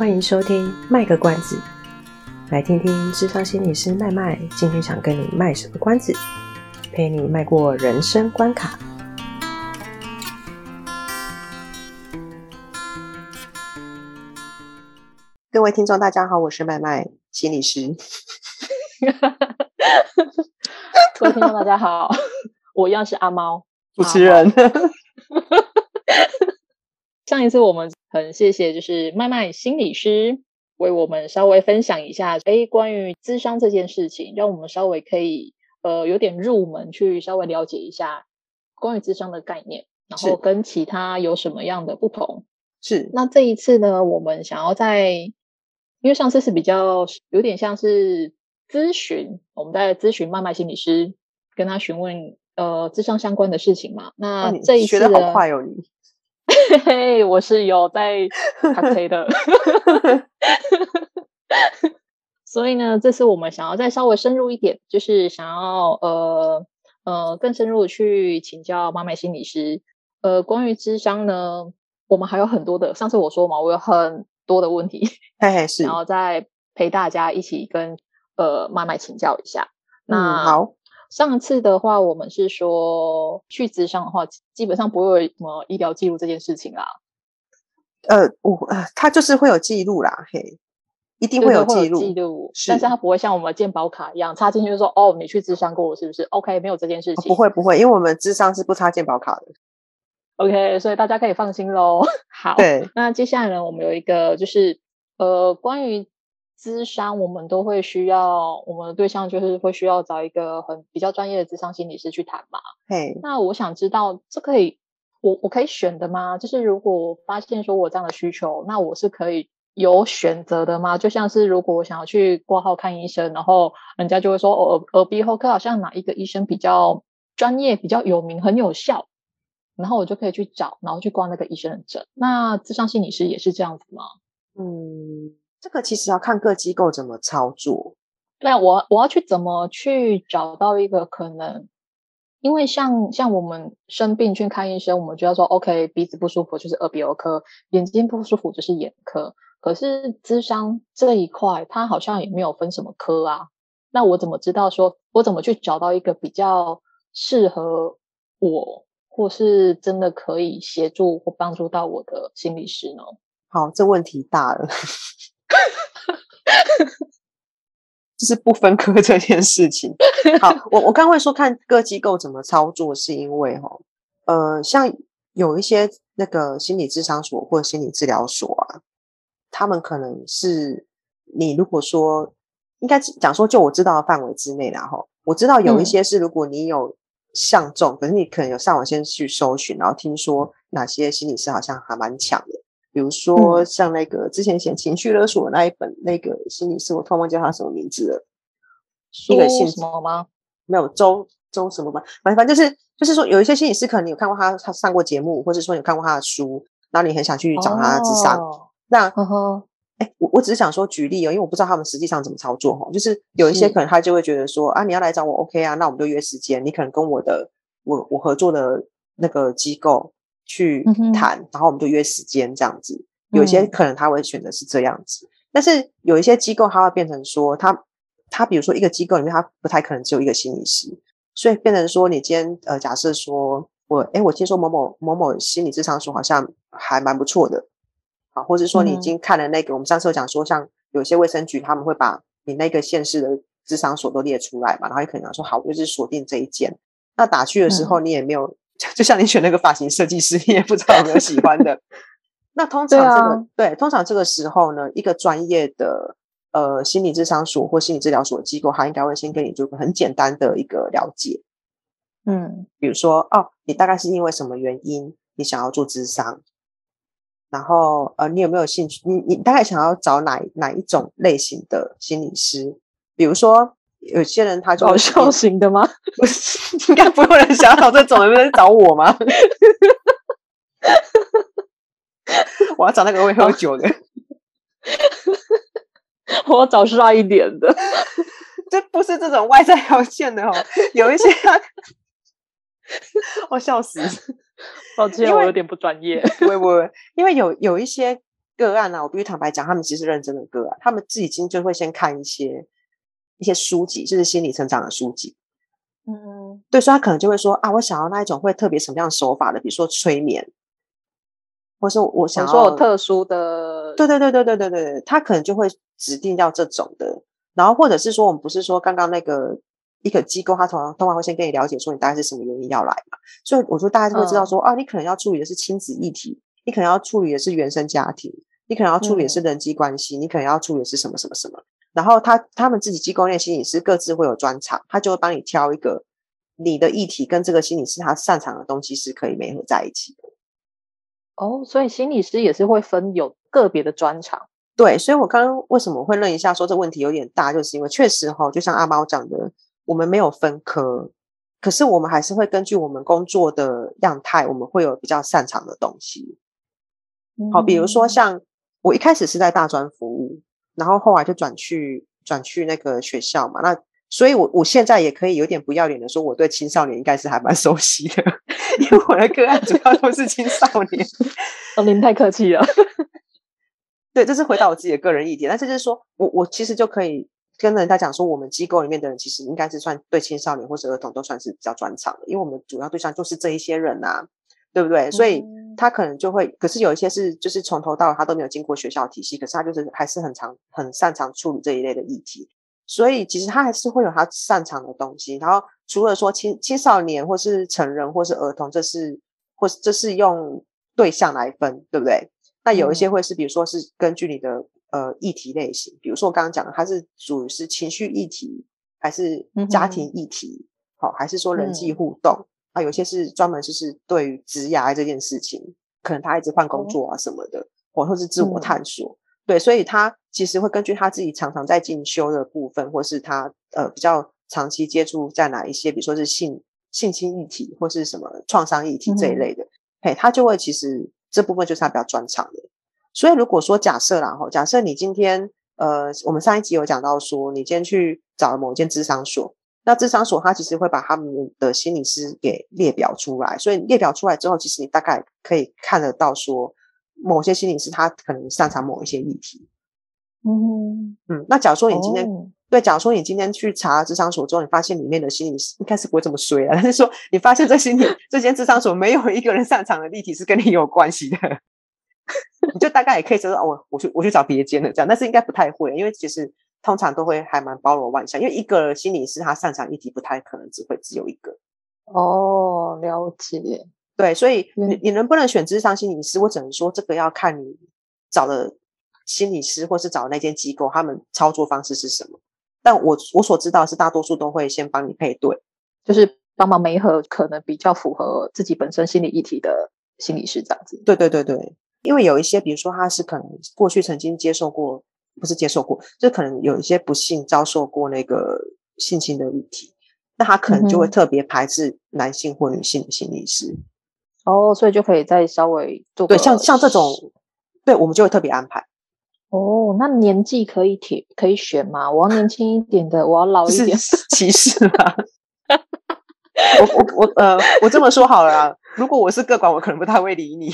歡迎收聽，賣個關子，來聽聽智商心理師麥麥今天想跟你賣什麼關子，陪你邁過人生關卡。各位聽眾，大家好，我是麥麥心理師。 各位聽眾，大家好， 我要是阿貓。不其然。媽媽 上一次我們很謝謝，就是麥麥心理師為我們稍微分享一下，哎，關於諮商這件事情，讓我們稍微可以呃有點入門，去稍微了解一下關於諮商的概念，然後跟其他有什麼樣的不同。是，那這一次呢，我們想要在，因為上次是比較有點像是諮詢，我們在諮詢麥麥心理師，跟他詢問呃諮商相關的事情嘛。那這一次呢？嘿嘿，hey, 我是有在他推的， 所以呢，這次我們想要再稍微深入一點，就是想要呃呃更深入去請教麥麥心理師。呃，關於諮商呢，我們還有很多的，上次我說嘛，我有很多的問題，嘿是，然後再陪大家一起跟呃麥麥請教一下。嗯、那好。上次的話，我們是說去諮商的話，基本上不會有什麼醫療記錄這件事情啦。呃，我，哦，呃，他就是會有記錄啦，嘿，一定會有記錄，記錄，是。但是它不會像我們健保卡一樣插進去就說哦，你去諮商過是不是？OK，沒有這件事情，哦，不會不會，因為我們諮商是不插健保卡的。OK，所以大家可以放心嘍。 好，對，那接下來呢，我們有一個就是呃，關於。諮商，我們都會需要我們的對象，就是會需要找一個很比較專業的諮商心理師去談嘛。Hey. 那我想知道，這可以我我可以選的嗎？就是如果我發現說我這樣的需求，那我是可以有選擇的嗎？就像是如果我想要去掛號看醫生，然後人家就會說哦，耳耳鼻喉科好像哪一個醫生比較專業、比較有名、很有效，然後我就可以去找，然後去掛那個醫生的診。那諮商心理師也是這樣子嗎？嗯。這個其實要看各機構怎麼操作。那我我要去怎麼去找到一個可能？因為像像我們生病去看醫生，我們就要說 OK，鼻子不舒服就是耳鼻喉科，眼睛不舒服就是眼科。可是諮商這一塊，它好像也沒有分什麼科啊。那我怎麼知道說，我怎麼去找到一個比較適合我，或是真的可以協助或幫助到我的心理師呢？好，這問題大了。哈哈哈，就是不分科這件事情。好，我我剛會說看各機構怎麼操作，是因為哦，呃，像有一些那個心理諮商所或心理治療所啊，他們可能是你如果說，應該講說，就我知道的範圍之內啦哈。我知道有一些是，如果你有相中，嗯、可是你可能有上網先去搜尋，然後聽說哪些心理師好像還蠻強的。比如說，像那個之前寫情緒勒索的那一本、嗯、那個心理師，我突然忘記叫他什麼名字了。書個姓什麼嗎？沒有周周什麼嗎？反正就是就是說，有一些心理師可能你有看過他他上過節目，或者說你有看過他的書，然後你很想去找他諮商。哦、那哎呵呵、欸，我我只是想說舉例哦、喔，因為我不知道他們實際上怎麼操作哈、喔。就是有一些可能他就會覺得說是啊，你要來找我 OK 啊，那我們就約時間。你可能跟我的我我合作的那個機構。去談，然後我們就約時間這樣子。嗯、哼有一些可能他會選擇是這樣子，嗯、但是有一些機構他會變成說他，他他比如說一個機構裡面他不太可能只有一個心理師，所以變成說，你今天呃，假設說我，哎、欸，我聽說某某某某心理諮商所好像還蠻不錯的，好，或者說你已經看了那個，嗯、我們上次有講說，像有些衛生局他們會把你那個縣市的諮商所都列出來嘛，然後有可能說好，我就是鎖定這一間。那打去的時候你也沒有、嗯。就像你選那個髮型設計師，你也不知道有沒有喜歡的。 那通常這個對、啊、對，通常這個時候呢，一個專業的呃心理諮商所或心理治療所機構，他應該會先跟你做個很簡單的一個了解。嗯，比如說哦，你大概是因為什麼原因你想要做諮商？然後呃，你有沒有興趣？你你大概想要找哪哪一種類型的心理師？比如說。有些人他就好笑型的嗎？不是，應該不會來找這種，有人好找我嗎？ 我要找那個會喝酒的， 我要找帥一點的 ，這不是這種外在條件的哦。有一些，啊， 我笑死， 抱歉了，為我有點不專業。不會不會，因為有有一些個案啊，我必須坦白講，他們其實認真的個案，他們自己已經就會先看一些。一些書籍就是心理成長的書籍，嗯對，所以他可能就會說啊，我想要那一種會特別什麼樣的手法的，比如說催眠，或是我想要說有特殊的，對對對對對對對，他可能就會指定要這種的，然後或者是說我們不是說剛剛那個一個機構他，他通常通常會先跟你了解說你大概是什麼原因要來嘛，所以我說大家就會知道說、嗯、啊，你可能要處理的是親子議題，你可能要處理的是原生家庭，你可能要處理的是人際關係，嗯、你可能要處理的是什麼什麼什麼。然後他他們自己機構內心理師各自會有專長，他就會幫你挑一個你的議題跟這個心理師他擅長的東西是可以媒合在一起的。哦，所以心理師也是會分有個別的專長。對，所以我剛剛為什麼會認一下說，這問題有點大，就是因為確實哈、哦，就像阿貓講的，我們沒有分科，可是我們還是會根據我們工作的樣態，我們會有比較擅長的東西。嗯、好，比如說像我一開始是在大專服務。然後後來就轉去轉去那個學校嘛，那所以我，我我現在也可以有點不要臉的說，我對青少年應該是還蠻熟悉的，因為我的個案主要都是青少年。 哦，您太客氣了。對，這是回答我自己的個人意見，但是就是說我我其實就可以跟人家講說，我們機構裡面的人其實應該是算對青少年或是兒童都算是比較專長的，因為我們主要對象就是這一些人吶、啊，對不對？所以、嗯。他可能就會，可是有一些是，就是從頭到尾他都沒有經過學校體系，可是他就是還是很常很擅長處理這一類的議題，所以其實他還是會有他擅長的東西。然後除了說青青少年或是成人或是兒童，這是或這是用對象來分，對不對？那有一些會是，比如說是根據你的、嗯、呃議題類型，比如說我剛剛講的，他是屬於是情緒議題，還是家庭議題？好、嗯哼哦，還是說人際互動？嗯啊，有些是專門就是對於職涯這件事情，可能他一直換工作啊什麼的，或、哦、或是自我探索，嗯、對，所以他其實會根據他自己常常在進修的部分，或是他呃比較長期接觸在哪一些，比如說是性性侵議題或是什麼創傷議題這一類的，嗯、嘿，他就會其實這部分就是他比較專長的。所以如果說假設啦哈，假設你今天呃，我們上一集有講到說，你今天去找了某一間諮商所。那諮商所他其實會把他們的心理師給列表出來，所以列表出來之後，其實你大概可以看得到說，某些心理師他可能擅長某一些議題。嗯嗯。那假如說你今天、哦、對，假如說你今天去查諮商所之後，你發現裡面的心理師應該是不會這麼衰啊，但是說你發現這心理 這間諮商所沒有一個人擅長的議題是跟你有關係的， 你就大概也可以說說、哦，我我去我去找別間了這樣，但是應該不太會，因為其實。通常都會還蠻包羅萬象，因為一個心理師他擅長議題不太可能只會只有一個。哦，了解。對，所以你你能不能選諮商心理師？嗯。我只能說這個要看你找的心理師，或是找的那間機構，他們操作方式是什麼。但我我所知道的是大多數都會先幫你配對，就是幫忙媒合可能比較符合自己本身心理議題的心理師，這樣子。對對對對，因為有一些，比如說他是可能過去曾經接受過。不是接受過，就可能有一些不幸遭受過那個性侵的議題，那他可能就會特別排斥男性或女性的心理師。嗯、哦，所以就可以再稍微做對像像這種，是對我們就會特別安排。哦，那年紀可以挑，可以選嗎？我要年輕一點的， 我要老一點。歧視啊！我我我呃，我這麼說好了、啊，如果我是個管，我可能不太會理你。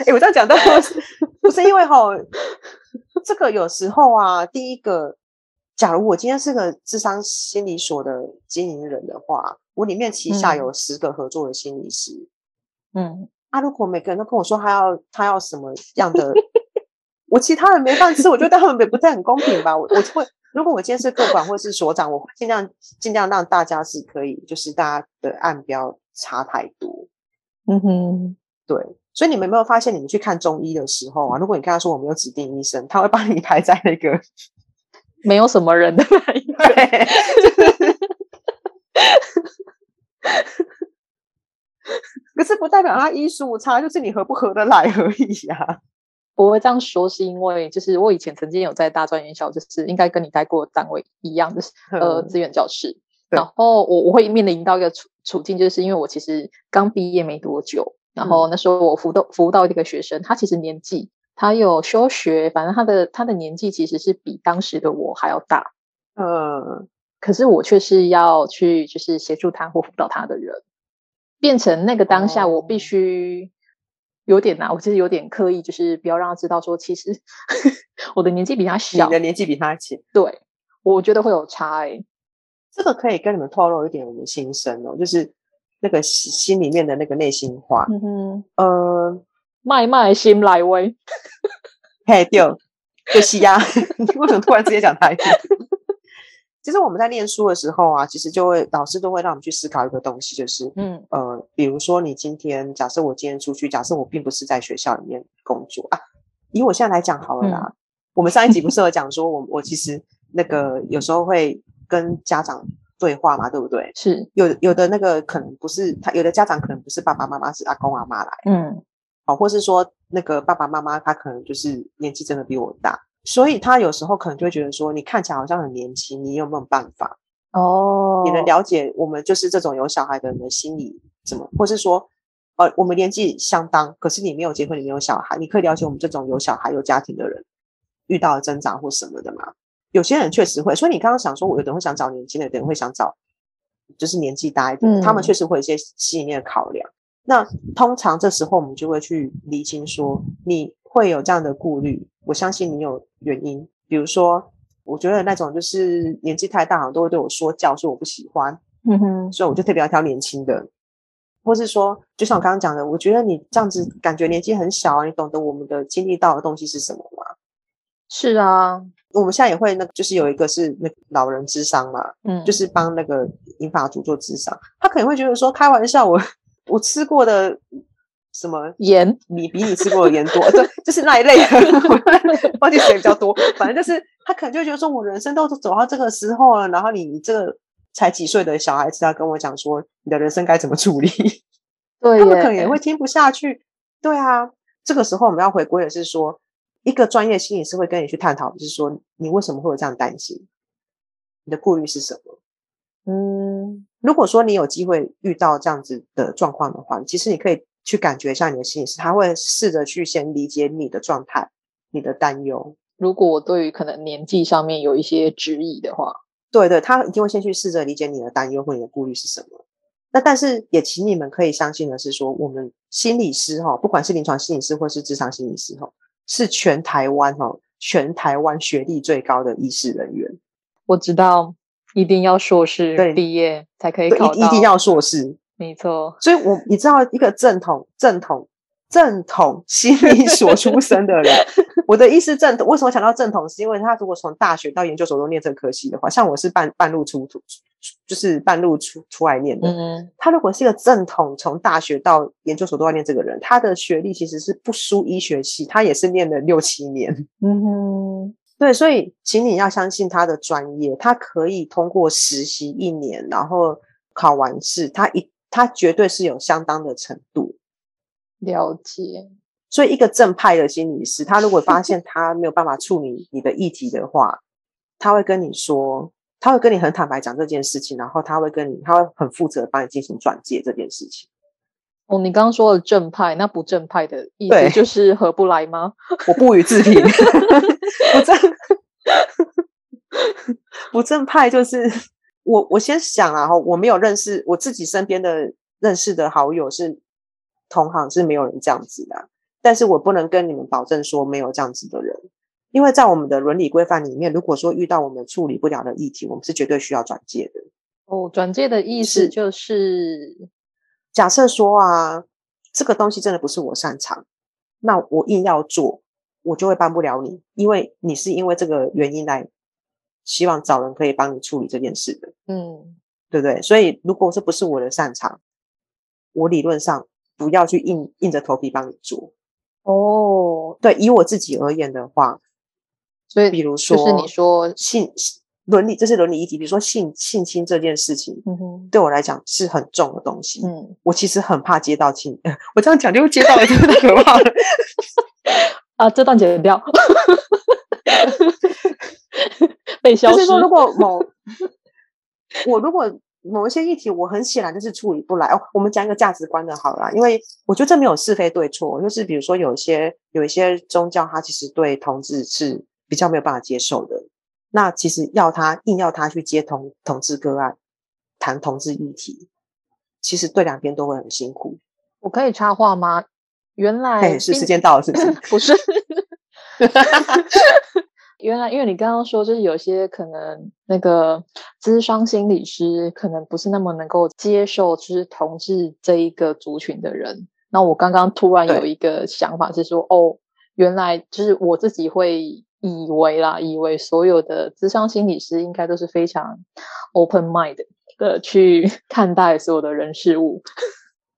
哎、欸，我這樣講，都不，不是因為吼，這個有時候啊，第一個，假如我今天是個諮商心理所的經營人的話，我裡面旗下有十個合作的心理師，嗯，啊，如果每個人都跟我說他要他要什麼樣的，嗯、我其他人沒飯吃，我覺得他們也不太很公平吧？我我會，如果我今天是客管或是所長，我會盡量盡量讓大家是可以，就是大家的案不要差太多，嗯哼，對。所以你們有沒有發現，你們去看中醫的時候啊，如果你跟他說我沒有指定醫生，他會幫你排在那個沒有什麼人的那一堆。就是、 可是不代表他醫術差，就是你合不合得來而已啊。我會這樣說，是因為就是我以前曾經有在大專院校，就是應該跟你待過的單位一樣，的呃資源教室。嗯、然後我我會面臨到一個處處境，就是因為我其實剛畢業沒多久。然後那時候我輔導輔導一個學生，他其實年紀他有休學，反正他的他的年紀其實是比當時的我還要大，呃、嗯，可是我卻是要去就是協助他或輔導他的人，變成那個當下我必須有點難、啊，哦、我就是有點刻意，就是不要讓他知道說其實 我的年紀比他小，你的年紀比他小，對，我覺得會有差欸，這個可以跟你們透露一點我們的心聲哦，就是。那個心裡面的那個內心話，嗯哼，呃，麥麥心來威，嘿、 hey，丟、就是啊，不西呀？你為什麼突然直接講台語？ 其實我們在念書的時候啊，其實就會老師都會讓我們去思考一個東西，就是，嗯，呃，比如說你今天，假設我今天出去，假設我並不是在學校裡面工作啊，以我現在來講好了啦。嗯、我們上一集不適合講說， 我我其實那個有時候會跟家長。對話嘛，對不對？是，有有的那個可能不是他，有的家長可能不是爸爸媽媽，是阿公阿嬤來。嗯，好、哦，或是說那個爸爸媽媽，他可能就是年紀真的比我大，所以他有時候可能就會覺得說，你看起來好像很年輕，你有沒有辦法？哦，你能了解我們就是這種有小孩的人的心理什麼？或是說，呃，我們年紀相當，可是你沒有結婚，你沒有小孩，你可以了解我們這種有小孩有家庭的人遇到了掙扎或什麼的嗎？有些人確實會，所以你剛剛想說，我有點會想找年輕的，有點會想找，就是年紀大一點，他們確實會有一些細膩的考量。嗯、那通常這時候我們就會去釐清說，說你會有這樣的顧慮，我相信你有原因。比如說，我覺得那種就是年紀太大，好像都會對我說教，說我不喜歡，嗯哼，所以我就特別要挑年輕的，或是說，就像我剛剛講的，我覺得你這樣子感覺年紀很小，啊，你懂得我們的經歷到的東西是什麼嗎？是啊。我們現在也會、那個，那就是有一個是那個老人諮商嘛，嗯，就是幫那個銀髮族做諮商，他可能會覺得說開玩笑我，我我吃過的什麼鹽鹽你比你吃過的鹽多，這、 啊、就是那一類的， 忘記誰比較多，反正就是他可能就會覺得說，我人生都走到這個時候了，然後你這個才幾歲的小孩子要跟我講說你的人生該怎麼處理，對耶，他們可能也會聽不下去，對啊，這個時候我們要回歸的是說，一個專業心理師會跟你去探討，就是說你為什麼會有這樣擔心，你的顧慮是什麼？嗯，如果說你有機會遇到這樣子的狀況的話，其實你可以去感覺一下你的心理師，他會試着去先理解你的狀態、你的擔憂。如果我對於可能年紀上面有一些質疑的話，對對，他一定會先去試着理解你的擔憂或你的顧慮是什麼。那但是也請你們可以相信的是說，我們心理師吼，不管是臨床心理師或是職場心理師吼。是全台灣哦，全台灣學歷最高的醫事人員。我知道，一定要碩士畢對業才可以考到，一定要碩士，沒錯錯。所以我，我你知道一個正統，正統。正統心理所出身的人， 我的意思正，正統為什麼想到正統？是因為他如果從大學到研究所都念這個科系的話，像我是半半路出出，就是半路出出來念的。嗯哼，他如果是一個正統，從大學到研究所都要念這個人，他的學歷其實是不輸醫學系，他也是念了六七年。嗯哼，對，所以請你要相信他的專業，他可以通過實習一年，然後考完試，他一他絕對是有相當的程度。了解，所以一個正派的心理師，他如果發現他沒有辦法處理你的議題的話， 他會跟你說，他會跟你很坦白講這件事情，然後他會跟你，他會很負責幫你進行轉介這件事情。哦，你剛剛說的正派，那不正派的意思就是合不來嗎？對 我不予置評， 不正 不正派就是我，我先想啊，哈，我沒有認識我自己身邊的認識的好友是。同行是沒有人這樣子的，但是我不能跟你們保證說沒有這樣子的人，因為在我們的倫理規範裡面，如果說遇到我們處理不了的議題，我們是絕對需要轉介的。哦，轉介的意思就是、是，假設說啊，這個東西真的不是我擅長，那我硬要做，我就會幫不了你，因為你是因為這個原因來，希望找人可以幫你處理這件事的，嗯，對不對？所以如果這不是我的擅長，我理論上。不要去硬硬着頭皮幫你做。哦，oh. 對，以我自己而言的話，所以比如說，就是你說性倫理這是倫理議題，比如說性性侵這件事情，mm hmm. 對我來講是很重的東西。嗯、mm，hmm. 我其實很怕接到親， 我這樣講就接到了，真的可怕。 啊，這段解剪掉， 被消失。說，如果某我如果。某一些議題，我很顯然就是處理不來哦。我們講一個價值觀的好啦，因為我覺得這沒有是非對錯，就是比如說有一些有一些宗教，他其實對同志是比較沒有辦法接受的。那其實要他硬要他去接同同志個案，談同志議題，其實對兩邊都會很辛苦。我可以插話嗎？原來，是時間到了，是不是？ 不是。 原來，因為你剛剛說，就是有些可能那個諮商心理師可能不是那麼能夠接受，就是同志這一個族群的人。那我剛剛突然有一個想法是說，對哦，原來就是我自己會以為啦，以為所有的諮商心理師應該都是非常 open mind 的去看待所有的人事物。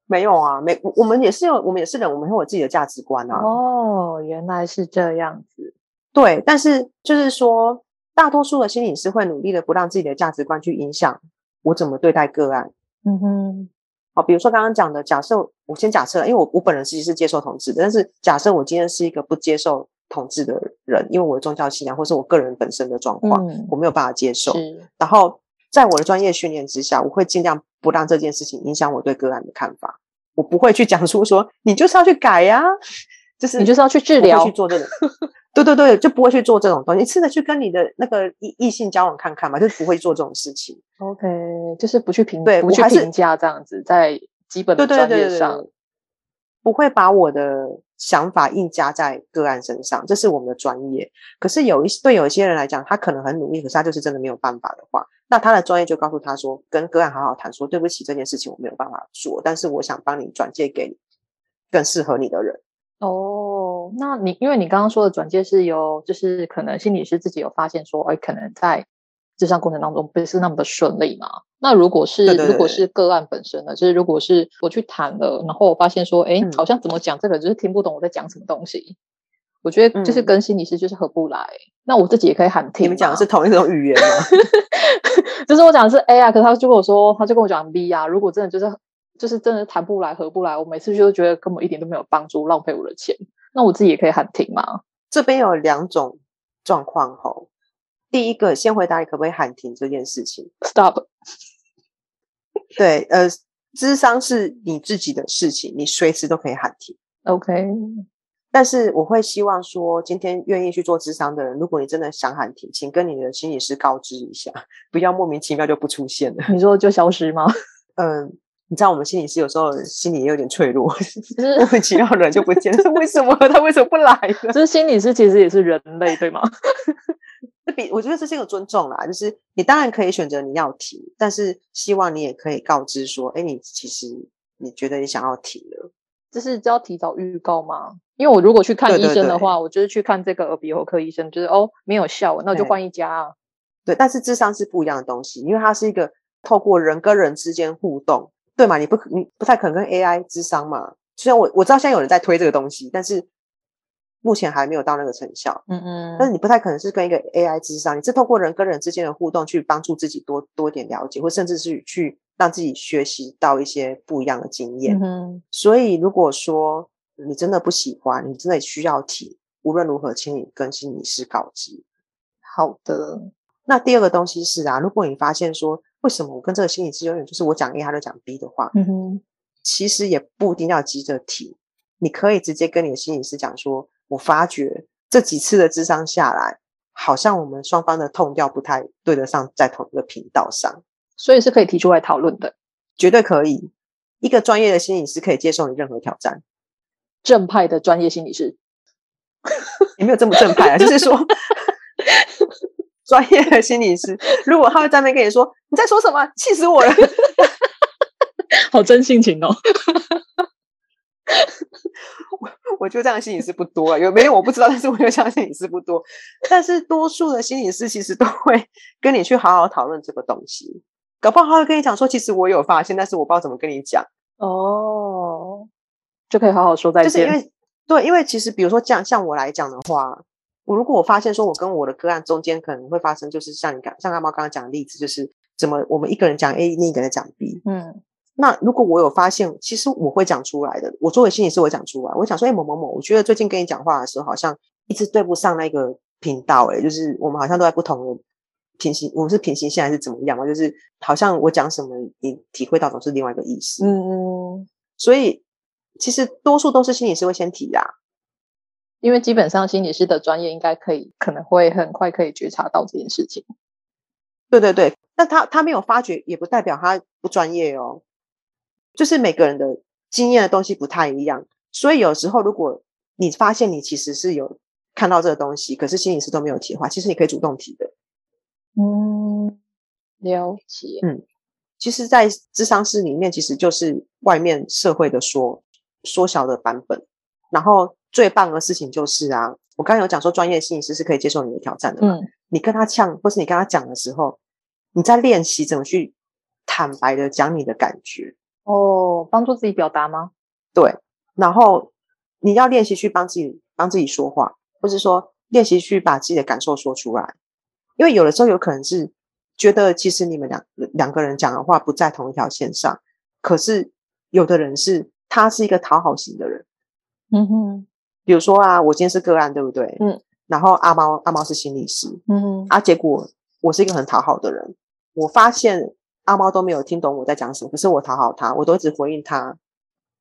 沒有啊，沒，我們也是有，我們也是人，我們會有自己的價值觀啊。哦，原來是這樣子。對，但是就是說，大多數的心理師會努力的不讓自己的價值觀去影響我怎麼對待個案。嗯哼，好，比如說剛剛講的，假設我先假設，因為我我本人其實是接受同志的，但是假設我今天是一個不接受同志的人，因為我的宗教信仰或是我個人本身的狀況，嗯、我沒有辦法接受。是然後在我的專業訓練之下，我會盡量不讓這件事情影響我對個案的看法。我不會去講出說你就是要去改呀，啊，就是你就是要去治療去做這個。 對對對，就不會去做這種東西。你試着去跟你的那個異異性交往看看嘛，就是不會做這種事情。OK，就是不去評對，不去評價這樣子，在基本的專業上，對對對對對，不會把我的想法硬加在個案身上，這是我們的專業。可是有一對有一些人來講，他可能很努力，可是他就是真的沒有辦法的話，那他的專業就告訴他說，跟個案好好談，說對不起，這件事情我沒有辦法做，但是我想幫你轉介給更適合你的人。哦，oh, 那你因為你剛剛說的轉介是有，就是可能心理師自己有發現說，哎、欸，可能在諮商過程當中不是那麼的順利嘛。那如果是對對對如果是個案本身呢，就是如果是我去談了，然後我發現說，哎、欸，好像怎麼講這個、嗯、就是聽不懂我在講什麼東西。我覺得就是跟心理師就是合不來。嗯、那我自己也可以喊停，你們講的是同一種語言嗎？ 就是我講的是 A 啊，可是他就跟我說他就跟我講 B 啊，如果真的就是。就是真的談不來合不來，我每次就覺得根本一點都沒有幫助，浪費我的錢。那我自己也可以喊停嗎？這邊有兩種狀況吼，第一個，先回答你可不可以喊停這件事情。Stop。對，呃，諮商是你自己的事情，你隨時都可以喊停。OK。但是我會希望說，今天願意去做諮商的人，如果你真的想喊停，請跟你的心理師告知一下，不要莫名其妙就不出現了。你說就消失嗎？嗯、呃。你知道我們心理師有時候心裡也有點脆弱，就是莫名 其妙人就不見了，是為什麼？他為什麼不來呢？就是心理師其實也是人類，對嗎？這 比我覺得這是一個尊重啦。就是你當然可以選擇你要提，但是希望你也可以告知說，哎，你其實你覺得你想要提了。這是要提早預告嗎？因為我如果去看醫生的話，對對對，我就是去看這個耳鼻喉科醫生，就是哦沒有效，那我就換一家啊對。對，但是諮商是不一樣的東西，因為它是一個透過人跟人之間互動。對嘛？你不你不太可能跟 AI 諮商嘛？雖然我我知道現在有人在推這個東西，但是目前還沒有到那個成效。嗯嗯。但是你不太可能是跟一個 AI 諮商，你是透過人跟人之間的互動去幫助自己多多點了解，或甚至是去讓自己學習到一些不一樣的經驗。嗯，嗯，所以如果說你真的不喜歡，你真的需要提，無論如何，請你更新你是告知。好的。嗯、那第二個東西是啊，如果你發現說。為什麼我跟這個心理師永遠就是我講 A，他就講 B 的話？嗯哼，其實也不一定要急着提，你可以直接跟你的心理師講說：“我發覺這幾次的諮商下來，好像我們雙方的 tone 調不太對得上，在同一個頻道上。”所以是可以提出來討論的，絕對可以。一個專業的心理師可以接受你任何挑戰，正派的專業心理師 也沒有這麼正派啊？ 就是說。 專業的心理師，如果他會在那邊跟你說，你在說什麼？氣死我了， 好真性情哦。我我覺得這樣的心理師不多了，有沒有我不知道，但是我就這樣的心理師不多。但是多數的心理師其實都會跟你去好好討論這個東西，搞不好他會跟你講說，其實我有發現，但是我不知道怎麼跟你講哦，就可以好好說再見。就是因為對，因為其實比如說這樣，像我來講的話。我如果我發現說，我跟我的個案中間可能會發生，就是像你剛像阿貓剛剛講的例子，就是怎麼我們一個人講 A，另一個人講 B。嗯，那如果我有發現，其實我會講出來的。我作為心理師，我會講出來，我想說，誒、欸、某某某，我覺得最近跟你講話的時候，好像一直對不上那個頻道誒、欸，就是我們好像都在不同的平行，我們是平行線還是怎麼樣？就是好像我講什麼，你體會到總是另外一個意思。嗯，嗯，所以其實多數都是心理師會先提啦、啊。因為基本上心理師的專業應該可以，可能會很快可以覺察到這件事情。對對對，但他他沒有發覺，也不代表他不專業哦。就是每個人的經驗的東西不太一樣，所以有時候如果你發現你其實是有看到這個東西，可是心理師都沒有提的話，其實你可以主動提的。嗯，了解。嗯，其實，在諮商室裡面，其實就是外面社會的縮縮小的版本，然後。最棒的事情就是啊，我剛才有講說，專業心理師是可以接受你的挑戰的嘛。嗯，你跟他嗆，或是你跟他講的時候，你在練習怎麼去坦白的講你的感覺哦，幫助自己表達嗎？對，然後你要練習去幫自己幫自己說話，或是說練習去把自己的感受說出來，因為有的時候有可能是覺得其實你們兩兩個人講的話不在同一條線上，可是有的人是他是一個討好型的人，嗯哼。比如說啊，我今天是個案，對不對？嗯。然後阿貓，阿貓是心理師，嗯哼。啊，結果我是一個很討好的人，我發現阿貓都沒有聽懂我在講什麼，可是我討好他，我都一直回應他。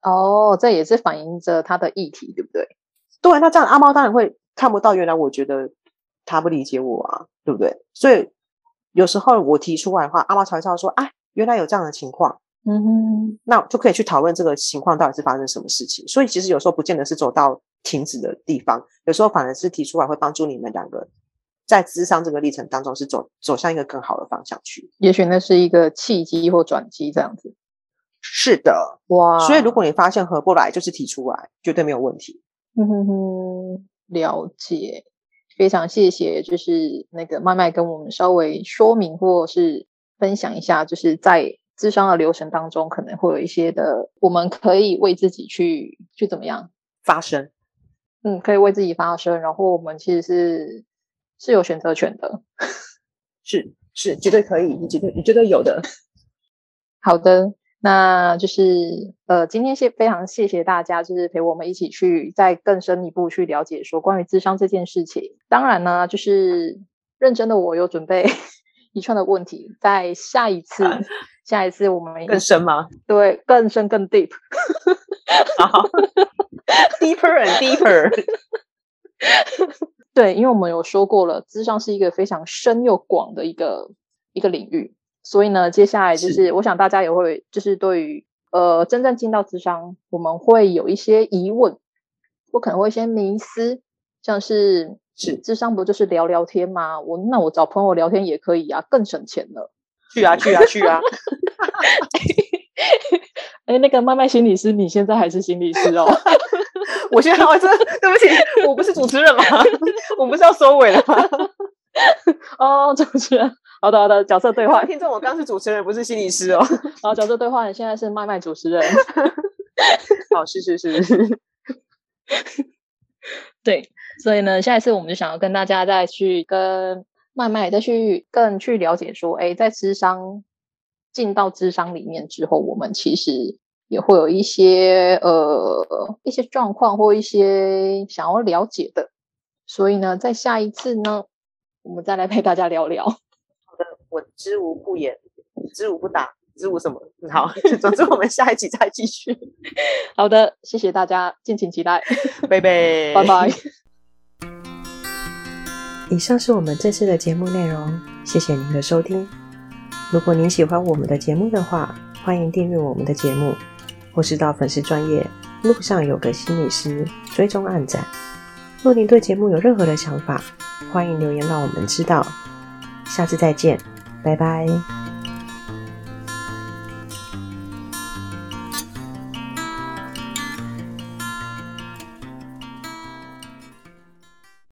哦，這也是反映着他的議題，對不對？對，那這樣阿貓當然會看不到，原來我覺得他不理解我啊，對不對？所以有時候我提出來的話，阿貓常常說說，哎、啊，原來有這樣的情況，嗯哼。那就可以去討論這個情況到底是發生什麼事情。所以其實有時候不見得是走到。停止的地方，有時候反而是提出來會幫助你們兩個在諮商這個歷程當中是走走向一個更好的方向去。也許那是一個契機或轉機這樣子。是的，哇！所以如果你發現合不來，就是提出來，絕對沒有問題。嗯哼哼，了解，非常謝謝，就是那個麥麥跟我們稍微說明或是分享一下，就是在諮商的流程當中可能會有一些的，我們可以為自己去去怎麼樣發聲。嗯，可以為自己發聲，然後我們其實是是有選擇權的，是是絕對可以，你絕對你絕對有的。好的，那就是呃，今天謝非常謝謝大家，就是陪我們一起去再更深一步去了解說關於諮商這件事情。當然呢，就是認真的我有準備。 一串的問題，在下一次，下一次我們更深嗎？對，更深更 deep，deeper、 oh. and deeper。 對，因為我們有說過了，諮商是一個非常深又廣的一個一個領域，所以呢，接下來就是，是我想大家也會就是對於呃真正進到諮商，我們會有一些疑問，我可能會有一些迷思，像是。是諮商不就是聊聊天嗎？我那我找朋友聊天也可以啊，更省錢了。去啊去啊去啊！哎，那個麥麥心理師，你現在還是心理師哦？ 我現在真的、啊、對不起，我不是主持人嘛 我不是要收尾了嗎？哦 ，oh, 主持人，好的好的，角色對話。聽眾，我剛是主持人，不是心理師哦。好，角色對話，你現在是麥麥主持人。 好，是是是，是。 對，所以呢，下一次我們就想要跟大家再去跟麥麥再去更去了解說，哎，在諮商，進到諮商裡面之後，我們其實也會有一些呃一些狀況或一些想要了解的，所以呢，在下一次呢，我們再來陪大家聊聊。好的，我知無不言，知無不答。知我什麼好？總之，我們下一集再繼續。 好的，謝謝大家，敬請期待。拜拜 bye，拜拜 bye。以上是我們正式的節目內容，謝謝您的收聽。如果您喜歡我們的節目的話，歡迎訂閱我們的節目，或是到粉絲專頁路上有個心理師追蹤按讚。若您對節目有任何的想法，歡迎留言讓我們知道。下次再見，拜拜。